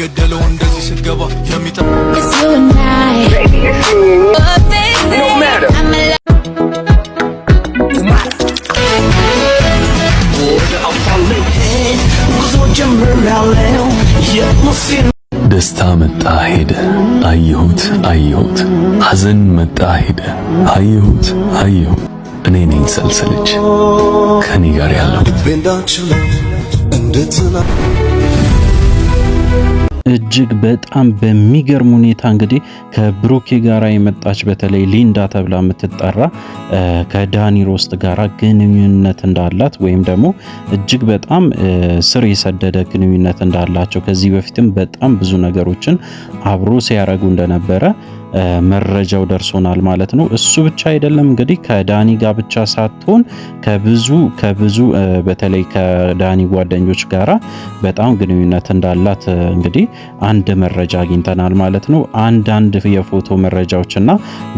ገደለው እንደዚህ ስገባ ደስታ መጣ ሄደ፣ አየሁት አየሁት። ሐዘን መጣ ሄደ፣ አየሁት አየሁት። እኔ ነኝ ሰልሰለች ከኔ ጋር ያለው እጅግ በጣም በሚገርም ሁኔታ እንግዲህ ከብሩኬ ጋራ የመጣች በተለይ ሊንዳ ተብላ የምትጠራ ከዳኒ ሮስት ጋራ ግንኙነት እንዳላት ወይም ደግሞ እጅግ በጣም ስር የሰደደ ግንኙነት እንዳላቸው ከዚህ በፊትም በጣም ብዙ ነገሮችን አብሮ ሲያረጉ እንደነበረ መረጃው ደርሶናል ማለት ነው። እሱ ብቻ አይደለም እንግዲህ ከዳኒ ጋር ብቻ ሳትሆን ከብዙ ከብዙ በተለይ ከዳኒ ጓደኞች ጋራ በጣም ግንኙነት እንዳላት እንግዲህ አንድ መረጃ አግኝተናል ማለት ነው። አንዳንድ የፎቶ መረጃዎችና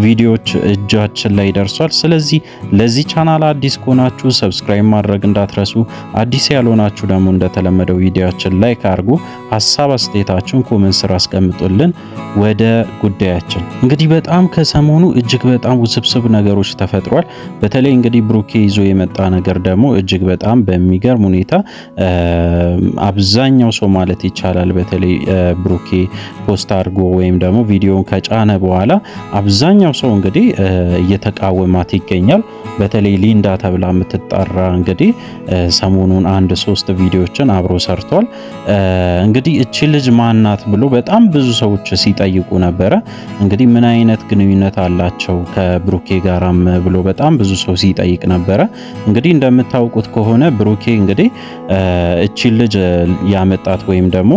ቪዲዮዎች እጃችን ላይ ደርሷል። ስለዚህ ለዚህ ቻናል አዲስ ከሆናችሁ ሰብስክራይብ ማድረግ እንዳትረሱ። አዲስ ያልሆናችሁ ደግሞ እንደተለመደው ቪዲዮችን ላይክ አድርጉ። ሀሳብ አስተያየታችሁን ኮሜንት ስር አስቀምጡልን። ወደ ጉዳያችን እንግዲህ በጣም ከሰሞኑ እጅግ በጣም ውስብስብ ነገሮች ተፈጥሯል። በተለይ እንግዲህ ብሩኬ ይዞ የመጣ ነገር ደግሞ እጅግ በጣም በሚገርም ሁኔታ አብዛኛው ሰው ማለት ይቻላል በተለይ ብሩኬ ፖስት አድርጎ ወይም ደግሞ ቪዲዮን ከጫነ በኋላ አብዛኛው ሰው እንግዲህ እየተቃወማት ይገኛል። በተለይ ሊንዳ ተብላ የምትጠራ እንግዲህ ሰሞኑን አንድ ሶስት ቪዲዮዎችን አብሮ ሰርቷል። እንግዲህ እቺ ልጅ ማናት ብሎ በጣም ብዙ ሰዎች ሲጠይቁ ነበረ። እንግዲህ ምን አይነት ግንኙነት አላቸው ከብሩኬ ጋራም ብሎ በጣም ብዙ ሰው ሲጠይቅ ነበረ። እንግዲህ እንደምታውቁት ከሆነ ብሩኬ እንግዲህ እቺን ልጅ ያመጣት ወይም ደግሞ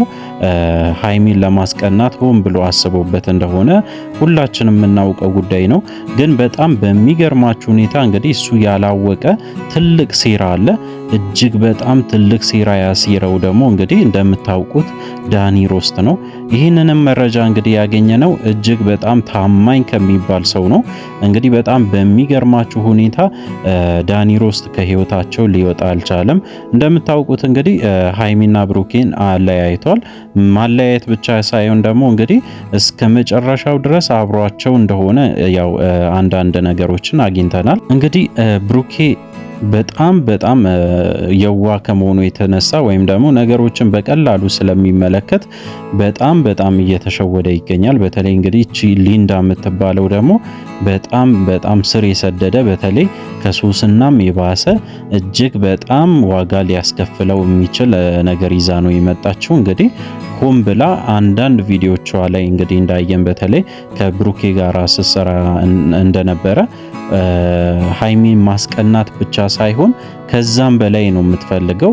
ሀይሚን ለማስቀናት ሆን ብሎ አስቦበት እንደሆነ ሁላችንም የምናውቀው ጉዳይ ነው። ግን በጣም በሚገርማችሁ ሁኔታ እንግዲህ እሱ ያላወቀ ትልቅ ሴራ አለ። እጅግ በጣም ትልቅ ሴራ ያሴረው ደግሞ እንግዲህ እንደምታውቁት ዳኒ ሮስት ነው። ይህንንም መረጃ እንግዲህ ያገኘ ነው እጅግ በጣም ታማኝ ከሚባል ሰው ነው። እንግዲህ በጣም በሚገርማችሁ ሁኔታ ዳኒ ሮስት ከህይወታቸው ሊወጣ አልቻለም። እንደምታውቁት እንግዲህ ሃይሚና ብሩኬን አለያይቷል። ማለያየት ብቻ ሳይሆን ደግሞ እንግዲህ እስከ መጨረሻው ድረስ አብሯቸው እንደሆነ ያው አንዳንድ ነገሮችን አግኝተናል። እንግዲህ ብሩኬ በጣም በጣም የዋ ከመሆኑ የተነሳ ወይም ደግሞ ነገሮችን በቀላሉ ስለሚመለከት በጣም በጣም እየተሸወደ ይገኛል። በተለይ እንግዲህ ቺ ሊንዳ የምትባለው ደግሞ በጣም በጣም ስር የሰደደ በተለይ ከሱስናም የባሰ እጅግ በጣም ዋጋ ሊያስከፍለው የሚችል ነገር ይዛ ነው የመጣችው። እንግዲህ ሆን ብላ አንዳንድ ቪዲዮቿ ላይ እንግዲህ እንዳየን በተለይ ከብሩኬ ጋር ስትሰራ እንደነበረ ሀይሚን ማስቀናት ብቻ ሳይሆን ከዛም በላይ ነው የምትፈልገው።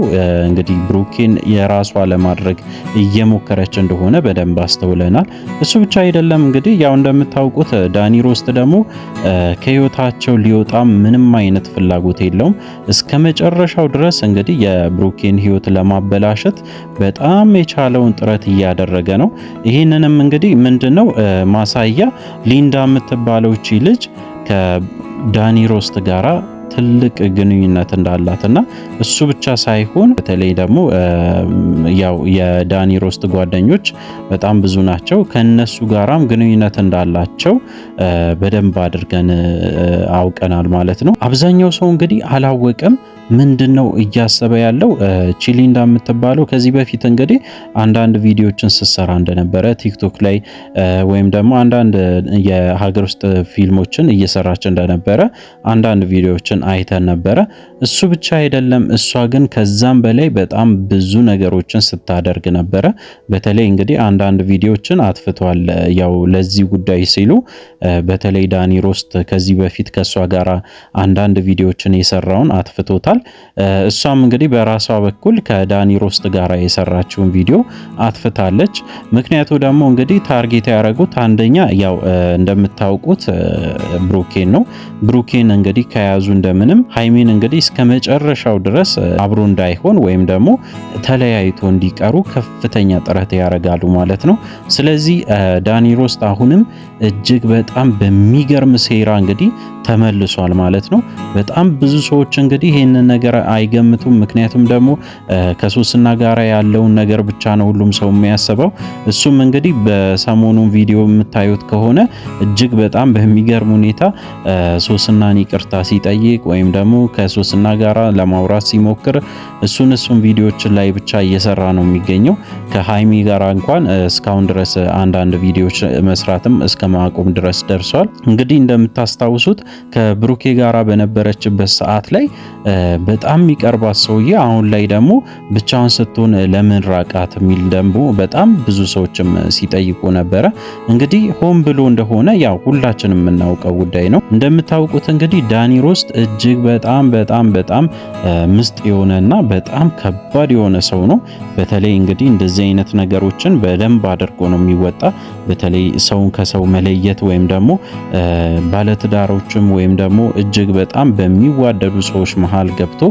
እንግዲህ ብሩኬን የራሷ ለማድረግ እየሞከረች እንደሆነ በደንብ አስተውለናል። እሱ ብቻ አይደለም እንግዲህ ያው እንደምታውቁት ዳኒ ሮስት ደግሞ ደግሞ ከህይወታቸው ሊወጣ ምንም አይነት ፍላጎት የለውም። እስከ መጨረሻው ድረስ እንግዲህ የብሩኬን ህይወት ለማበላሸት በጣም የቻለውን ጥረት እያደረገ ነው። ይህንንም እንግዲህ ምንድነው ማሳያ ሊንዳ የምትባለው እቺ ልጅ ከዳኒ ሮስት ጋራ ትልቅ ግንኙነት እንዳላት እና እሱ ብቻ ሳይሆን በተለይ ደግሞ ያው የዳኒ ሮስት ጓደኞች በጣም ብዙ ናቸው። ከነሱ ጋራም ግንኙነት እንዳላቸው በደንብ አድርገን አውቀናል ማለት ነው። አብዛኛው ሰው እንግዲህ አላወቀም። ምንድን ነው እያሰበ ያለው? ቺሊ የምትባለው ከዚህ በፊት እንግዲህ አንዳንድ ቪዲዮዎችን ስትሰራ እንደነበረ ቲክቶክ ላይ ወይም ደግሞ አንዳንድ የሀገር ውስጥ ፊልሞችን እየሰራች እንደነበረ አንዳንድ ቪዲዮዎችን አይተን ነበረ። እሱ ብቻ አይደለም፣ እሷ ግን ከዛም በላይ በጣም ብዙ ነገሮችን ስታደርግ ነበረ። በተለይ እንግዲህ አንዳንድ ቪዲዮዎችን አትፍቷል ያው ለዚህ ጉዳይ ሲሉ በተለይ ዳኒ ሮስት ከዚህ በፊት ከእሷ ጋር አንዳንድ ቪዲዮዎችን የሰራውን አትፍቶታል። እሷም እንግዲህ በራሷ በኩል ከዳኒ ሮስት ጋር የሰራችውን ቪዲዮ አትፍታለች። ምክንያቱ ደግሞ እንግዲህ ታርጌት ያደረጉት አንደኛ ያው እንደምታውቁት ብሩኬን ነው። ብሩኬን እንግዲህ ከያዙ እንደምንም ሀይሜን እንግዲህ እስከ መጨረሻው ድረስ አብሮ እንዳይሆን ወይም ደግሞ ተለያይቶ እንዲቀሩ ከፍተኛ ጥረት ያደርጋሉ ማለት ነው። ስለዚህ ዳኒ ሮስት አሁንም እጅግ በጣም በሚገርም ሴራ እንግዲህ ተመልሷል ማለት ነው። በጣም ብዙ ሰዎች እንግዲህ ይህንን ነገር አይገምቱም። ምክንያቱም ደግሞ ከሶስና ጋራ ያለውን ነገር ብቻ ነው ሁሉም ሰው የሚያስበው። እሱም እንግዲህ በሰሞኑ ቪዲዮ የምታዩት ከሆነ እጅግ በጣም በሚገርም ሁኔታ ሶስናን ይቅርታ ሲጠይቅ ወይም ደግሞ ከሶስና ጋራ ለማውራት ሲሞክር እሱን እሱን ቪዲዮዎች ላይ ብቻ እየሰራ ነው የሚገኘው። ከሀይሚ ጋራ እንኳን እስካሁን ድረስ አንዳንድ ቪዲዮዎች መስራትም እስከ ማቆም ድረስ ደርሷል። እንግዲህ እንደምታስታውሱት ከብሩኬ ጋራ በነበረችበት ሰዓት ላይ በጣም የሚቀርባት ሰውዬ አሁን ላይ ደግሞ ብቻውን ስትሆን ለምን ራቃት የሚል ደግሞ በጣም ብዙ ሰዎችም ሲጠይቁ ነበረ። እንግዲህ ሆን ብሎ እንደሆነ ያው ሁላችንም የምናውቀው ጉዳይ ነው። እንደምታውቁት እንግዲህ ዳኒ ሮስት እጅግ በጣም በጣም በጣም ምስጥ የሆነና በጣም ከባድ የሆነ ሰው ነው። በተለይ እንግዲህ እንደዚህ አይነት ነገሮችን በደንብ አድርጎ ነው የሚወጣ። በተለይ ሰውን ከሰው መለየት ወይም ደግሞ ባለትዳሮችን ሰዎችም ወይም ደግሞ እጅግ በጣም በሚዋደዱ ሰዎች መሃል ገብቶ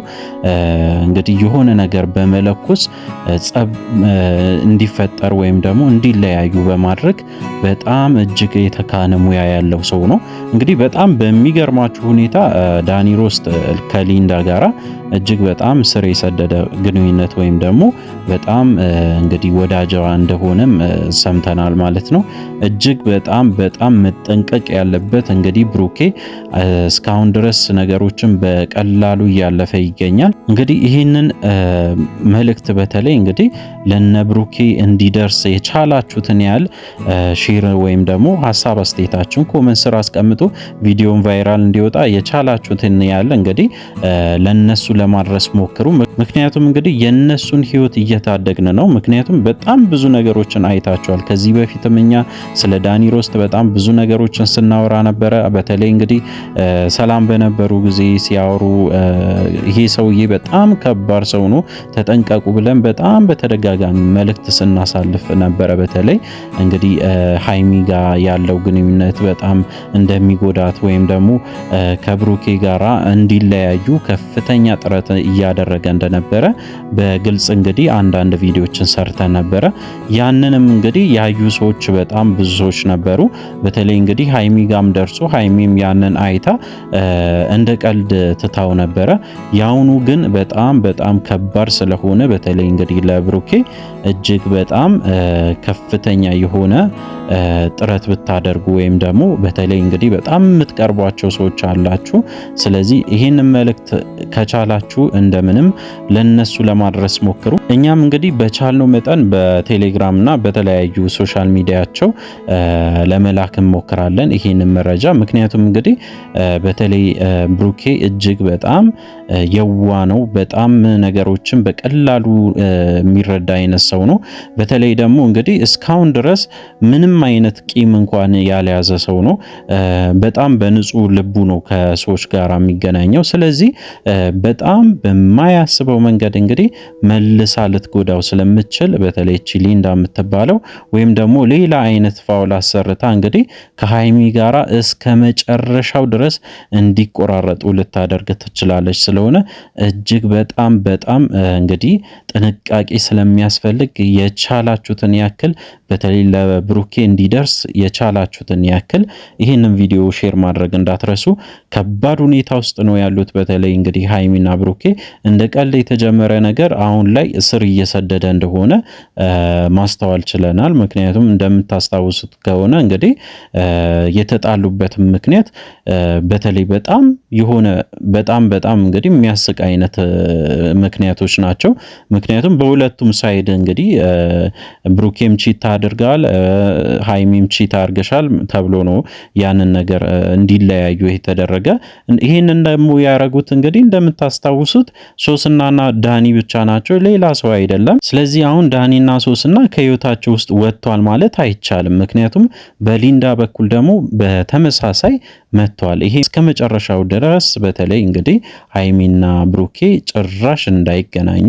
እንግዲህ የሆነ ነገር በመለኮስ ጸብ እንዲፈጠር ወይም ደግሞ እንዲለያዩ በማድረግ በጣም እጅግ የተካነ ሙያ ያለው ሰው ነው። እንግዲህ በጣም በሚገርማችሁ ሁኔታ ዳኒ ሮስት ከሊንዳ ጋራ እጅግ በጣም ስር የሰደደ ግንኙነት ወይም ደግሞ በጣም እንግዲህ ወዳጃዋ እንደሆነም ሰምተናል ማለት ነው። እጅግ በጣም በጣም መጠንቀቅ ያለበት እንግዲህ ብሩኬ እስካሁን ድረስ ነገሮችን በቀላሉ እያለፈ ይገኛል። እንግዲህ ይህንን መልእክት በተለይ እንግዲህ ለነ ብሩኬ እንዲደርስ የቻላችሁትን ያህል ሺር ወይም ደግሞ ሀሳብ አስተያየታችሁን ኮመንት ስር አስቀምጡ። ቪዲዮን ቫይራል እንዲወጣ የቻላችሁትን ያህል እንግዲህ ለነሱ ለማድረስ ሞክሩ። ምክንያቱም እንግዲህ የነሱን ህይወት እየታደግን ነው። ምክንያቱም በጣም ብዙ ነገሮችን አይታቸዋል። ከዚህ በፊትም እኛ ስለ ዳኒ ሮስት በጣም ብዙ ነገሮችን ስናወራ ነበረ። በተለይ እንግዲህ ሰላም በነበሩ ጊዜ ሲያወሩ ይሄ ሰውዬ በጣም ከባድ ሰው ነው፣ ተጠንቀቁ ብለን በጣም በተደጋጋሚ መልእክት ስናሳልፍ ነበረ። በተለይ እንግዲህ ሀይሚ ጋር ያለው ግንኙነት በጣም እንደሚጎዳት ወይም ደግሞ ከብሩኬ ጋራ እንዲለያዩ ከፍተኛ ጥረት እያደረገ እንደነበረ በግልጽ እንግዲህ አንዳንድ ቪዲዮችን ሰርተን ነበረ። ያንንም እንግዲህ ያዩ ሰዎች በጣም ብዙ ሰዎች ነበሩ። በተለይ እንግዲህ ሀይሚ ጋም ደርሶ ሀይሚም ያንን አይታ እንደ ቀልድ ትታው ነበረ። ያውኑ ግን በጣም በጣም ከባድ ስለሆነ በተለይ እንግዲህ ለብሩኬ እጅግ በጣም ከፍተኛ የሆነ ጥረት ብታደርጉ ወይም ደግሞ በተለይ እንግዲህ በጣም የምትቀርቧቸው ሰዎች አላችሁ። ስለዚህ ይህንን መልእክት ከቻላችሁ እንደምንም ለነሱ ለማድረስ ሞክሩ። እኛም እንግዲህ በቻልነው መጠን በቴሌግራምና በተለያዩ ሶሻል ሚዲያቸው ለመላክ እንሞክራለን ይሄንን መረጃ። ምክንያቱም እንግዲህ በተለይ ብሩኬ እጅግ በጣም የዋ ነው። በጣም ነገሮችን በቀላሉ የሚረዳ አይነት ሰው ነው። በተለይ ደግሞ እንግዲህ እስካሁን ድረስ ምንም አይነት ቂም እንኳን ያልያዘ ሰው ነው። በጣም በንጹህ ልቡ ነው ከሰዎች ጋር የሚገናኘው። ስለዚህ በጣም በማያስ በምታስበው መንገድ እንግዲህ መልሳ ልትጎዳው ስለምትችል በተለይ እቺ ሊንዳ የምትባለው ወይም ደግሞ ሌላ አይነት ፋውል አሰርታ እንግዲህ ከሀይሚ ጋራ እስከ መጨረሻው ድረስ እንዲቆራረጡ ልታደርግ ትችላለች። ስለሆነ እጅግ በጣም በጣም እንግዲህ ጥንቃቄ ስለሚያስፈልግ የቻላችሁትን ያክል በተለይ ለብሩኬ እንዲደርስ የቻላችሁትን ያክል ይህንን ቪዲዮ ሼር ማድረግ እንዳትረሱ። ከባድ ሁኔታ ውስጥ ነው ያሉት። በተለይ እንግዲህ ሃይሚና ብሩኬ እንደ ቀል ያለ የተጀመረ ነገር አሁን ላይ ስር እየሰደደ እንደሆነ ማስተዋል ችለናል። ምክንያቱም እንደምታስታውሱት ከሆነ እንግዲህ የተጣሉበት ምክንያት በተለይ በጣም የሆነ በጣም በጣም እንግዲህ የሚያስቅ አይነት ምክንያቶች ናቸው። ምክንያቱም በሁለቱም ሳይድ እንግዲህ ብሩኬም ቺት አድርጋል፣ ሀይሚም ቺት አርገሻል ተብሎ ነው ያንን ነገር እንዲለያዩ የተደረገ። ይህንን ደግሞ ያረጉት እንግዲህ እንደምታስታውሱት ሶስና ሶስናና ዳኒ ብቻ ናቸው፣ ሌላ ሰው አይደለም። ስለዚህ አሁን ዳኒና ሶስና ከህይወታቸው ውስጥ ወጥቷል ማለት አይቻልም። ምክንያቱም በሊንዳ በኩል ደግሞ በተመሳሳይ መጥቷል። ይሄ እስከ መጨረሻው ድረስ በተለይ እንግዲህ ሀይሚና ብሩኬ ጭራሽ እንዳይገናኙ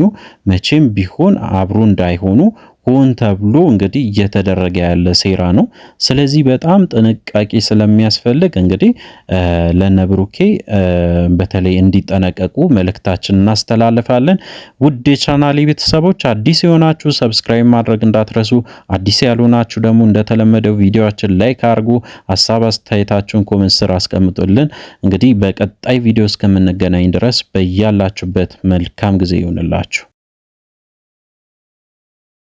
መቼም ቢሆን አብሮ እንዳይሆኑ ሆን ተብሎ እንግዲህ እየተደረገ ያለ ሴራ ነው። ስለዚህ በጣም ጥንቃቄ ስለሚያስፈልግ እንግዲህ ለነብሩኬ በተለይ እንዲጠነቀቁ መልእክታችን እናስተላልፋለን። ውድ የቻናሌ ቤተሰቦች አዲስ የሆናችሁ ሰብስክራይብ ማድረግ እንዳትረሱ፣ አዲስ ያልሆናችሁ ደግሞ እንደተለመደው ቪዲዮችን ላይክ አድርጉ፣ ሀሳብ አስተያየታችሁን ኮመንት ስር አስቀምጡልን። እንግዲህ በቀጣይ ቪዲዮ እስከምንገናኝ ድረስ በያላችሁበት መልካም ጊዜ ይሆንላችሁ።